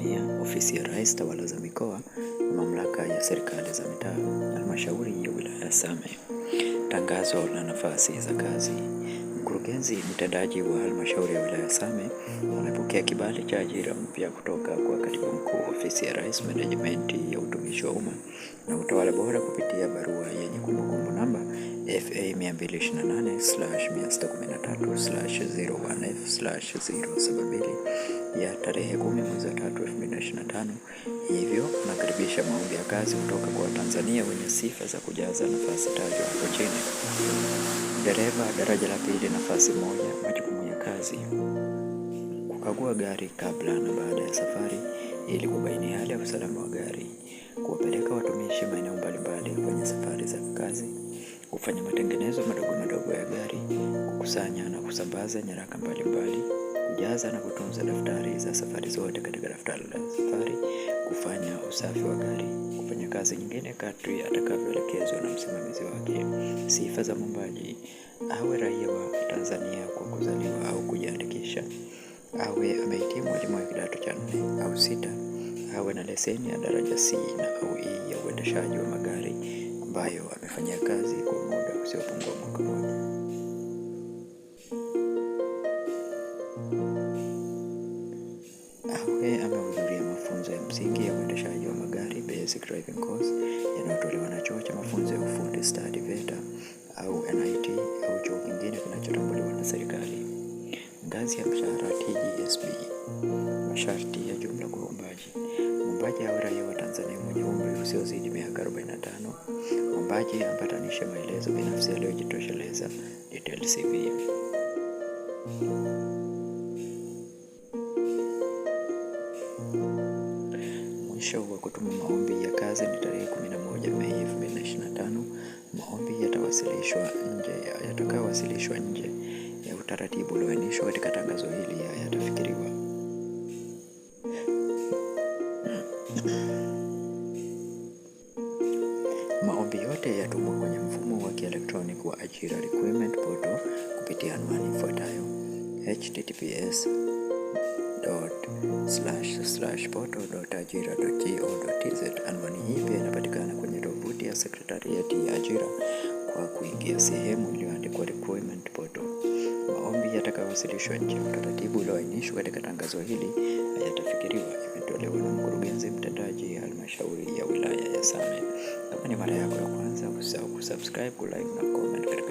Tanzania, Ofisi ya Rais, Tawala za Mikoa na Mamlaka ya Serikali za Mitaa, Halmashauri ya Wilaya ya Same. Tangazo la nafasi za kazi. Mkurugenzi mtendaji wa Halmashauri ya Wilaya ya Same amepokea kibali cha ajira mpya kutoka kwa Katibu Mkuu, Ofisi ya Rais, Menejimenti ya Utumishi wa Umma na Utawala Bora, kupitia barua yenye kumbukumbu namba FA 228/613/01F/072 ya tarehe 10 mwezi wa 3 2025. Hivyo nakaribisha maombi ya kazi kutoka kwa Watanzania wenye sifa za kujaza nafasi tajwa hapo chini. Dereva daraja la pili, nafasi moja. Majukumu ya kazi: kukagua gari kabla na baada ya safari ili kubaini hali ya usalama wa gari, kuwapeleka watumishi maeneo mbalimbali kwenye safari za kazi, kufanya matengenezo madogo madogo ya gari, kukusanya na kusambaza nyaraka mbalimbali kujaza na kutunza daftari za safari zote katika daftari la safari, kufanya usafi wa gari, kufanya kazi nyingine kadri atakavyoelekezwa na msimamizi wake. Sifa za mwombaji: awe raia wa Tanzania kwa kuzaliwa au kujiandikisha, awe amehitimu elimu ya kidato cha nne au sita, awe na leseni ya daraja C na au E ya uendeshaji wa magari ambayo amefanyia kazi kwa muda usiopungua awe amehudhuria mafunzo ya msingi ya uendeshaji wa magari basic driving course yanayotolewa na chuo cha mafunzo ya ufundi study VETA au NIT au chuo kingine kinachotambuliwa na serikali. Ngazi ya mshahara TGSB. Masharti ya jumla kwa umbaji umbaji awe raia wa Tanzania mwenye umri usiozidi miaka 45. umbaji ambatanishe maelezo binafsi yaliyojitosheleza, detailed CV. Mwisho wa kutuma maombi ya kazi ni tarehe 11 Mei 2025. Maombi yatawasilishwa nje yatakayowasilishwa nje ya utaratibu ulioainishwa katika tangazo hili yatafikiriwa Maombi yote yatumwa kwenye mfumo wa kielektroniki wa ajira requirement portal kupitia anwani ifuatayo https www.portal.ajira.go.tz. Anwani hii pia inapatikana kwenye tovuti ya sekretarieti ya ajira kwa kuingia sehemu iliyoandikwa recruitment portal. Maombi yatakayowasilishwa nje ya utaratibu ulioainishwa katika tangazo hili hayatafikiriwa. Imetolewa na mkurugenzi mtendaji halmashauri ya wilaya ya Same. Kama ni mara yako ya kwanza, usisahau kusubscribe, kulike na comment.